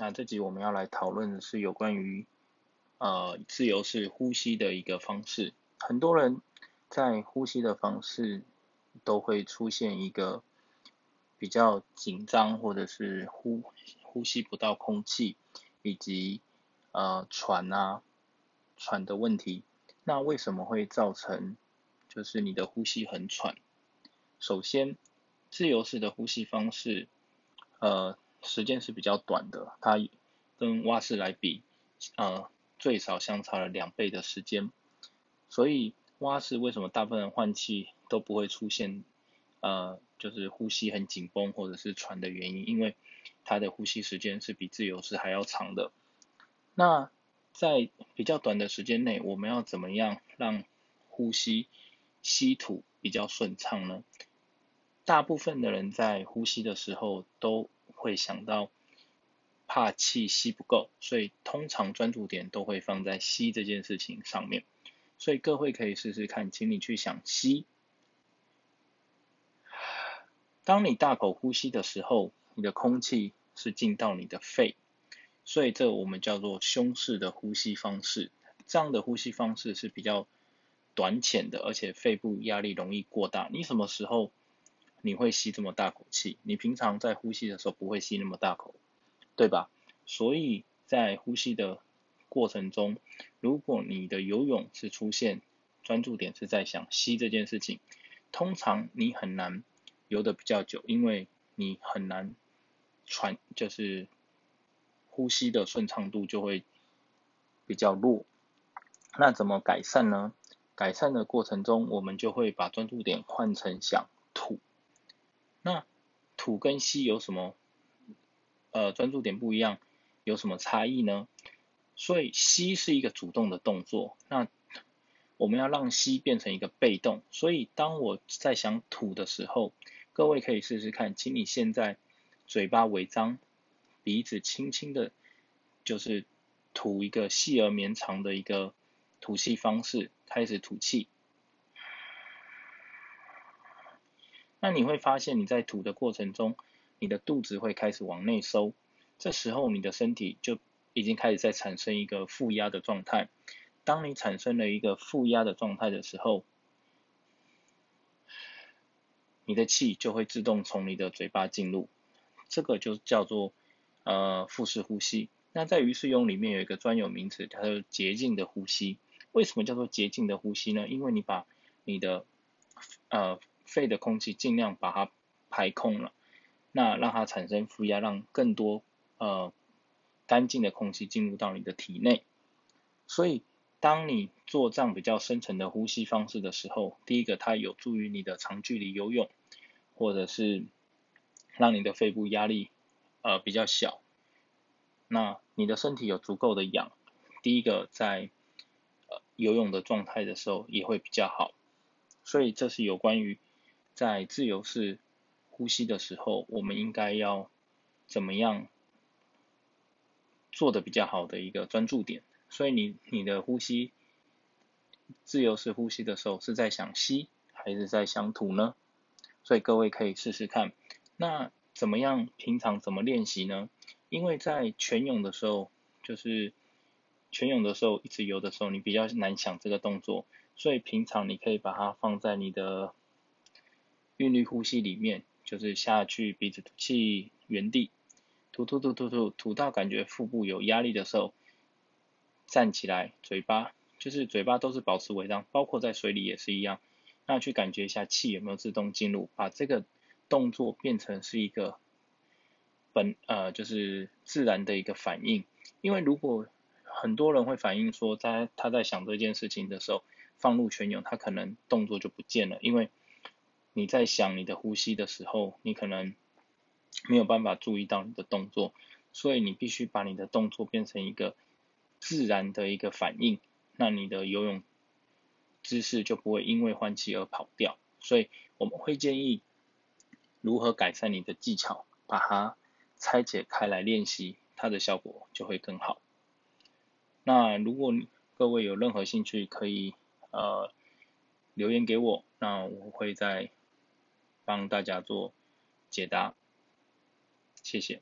那這集我們要來討論的是有關於，呃，自由式呼吸的一個方式。很多人在呼吸的方式都會出現一個比較緊張，或者是呼呼吸不到空氣，以及呃喘啊喘的問題。那為什麼會造成就是你的呼吸很喘？首先，自由式的呼吸方式，呃。時間是比較短的，它跟蛙式來比，呃，最少相差了兩倍的時間。所以蛙式為什麼大部分人換氣都不會出現，呃，就是呼吸很緊繃或者是喘的原因？因為它的呼吸時間是比自由式還要長的。那在比較短的時間內，我們要怎麼樣讓呼吸吸吐比較順暢呢？大部分的人在呼吸的時候都，會想到怕氣吸不夠，所以通常專注點都會放在吸這件事情上面。所以各位可以試試看，請你去想吸。當你大口呼吸的時候，你的空氣是進到你的肺，所以這我們叫做胸式的呼吸方式。這樣的呼吸方式是比較短淺的，而且肺部壓力容易過大。你什麼時候，你會吸這麼大口氣，你平常在呼吸的時候不會吸那麼大口，對吧？所以在呼吸的過程中，如果你的游泳是出現專注點是在想吸這件事情，通常你很難游得比較久，因為你很難喘，就是呼吸的順暢度就會比較弱。那怎麼改善呢？改善的過程中，我們就會把專注點換成想吐。那吐跟吸有什麼呃專注點不一樣，有什麼差異呢？所以吸是一個主動的動作，那我們要讓吸變成一個被動。所以當我在想吐的時候，各位可以試試看，請你現在嘴巴微張，鼻子輕輕的，就是吐一個細而綿長的一個吐氣方式，開始吐氣。那你會發現，你在吐的過程中，你的肚子會開始往內收，這時候你的身體就已經開始在產生一個負壓的狀態。當你產生了一個負壓的狀態的時候，你的氣就會自動從你的嘴巴進入，這個就叫做呃腹式呼吸。那在魚式泳裡面有一個專有名詞，它叫做潔淨的呼吸。為什麼叫做潔淨的呼吸呢？因為你把你的呃。肺的空氣盡量把它排空了，那讓它產生負壓，讓更多呃乾淨的空氣進入到你的體內。所以當你做這樣比較深層的呼吸方式的時候，第一個它有助於你的長距離游泳，或者是讓你的肺部壓力呃比較小。那你的身體有足夠的氧，第一個在、呃、游泳的狀態的時候也會比較好。所以這是有關於。在自由式呼吸的時候，我們應該要怎麼樣做得比較好的一個專注點？所以你你的呼吸，自由式呼吸的時候是在想吸還是在想吐呢？所以各位可以試試看。那怎麼樣，平常怎麼練習呢？因為在全泳的時候，就是全泳的時候一直游的時候，你比較難想這個動作。所以平常你可以把它放在你的。韻律呼吸裡面，就是下去鼻子吐氣，原地吐吐吐吐吐，吐到感覺腹部有壓力的時候站起來，嘴巴就是嘴巴都是保持微張，包括在水裡也是一樣。那去感覺一下氣有沒有自動進入，把這個動作變成是一個本呃就是自然的一個反應。因為如果很多人會反映說他，他他在想這件事情的時候放入泉湧，他可能動作就不見了，因為。你在想你的呼吸的時候，你可能沒有辦法注意到你的動作，所以你必須把你的動作變成一個自然的一個反應，那你的游泳姿勢就不會因為換氣而跑掉。所以我們會建議如何改善你的技巧，把它拆解開來練習，它的效果就會更好。那如果各位有任何興趣，可以呃留言給我，那我會在。幫大家做解答，謝謝。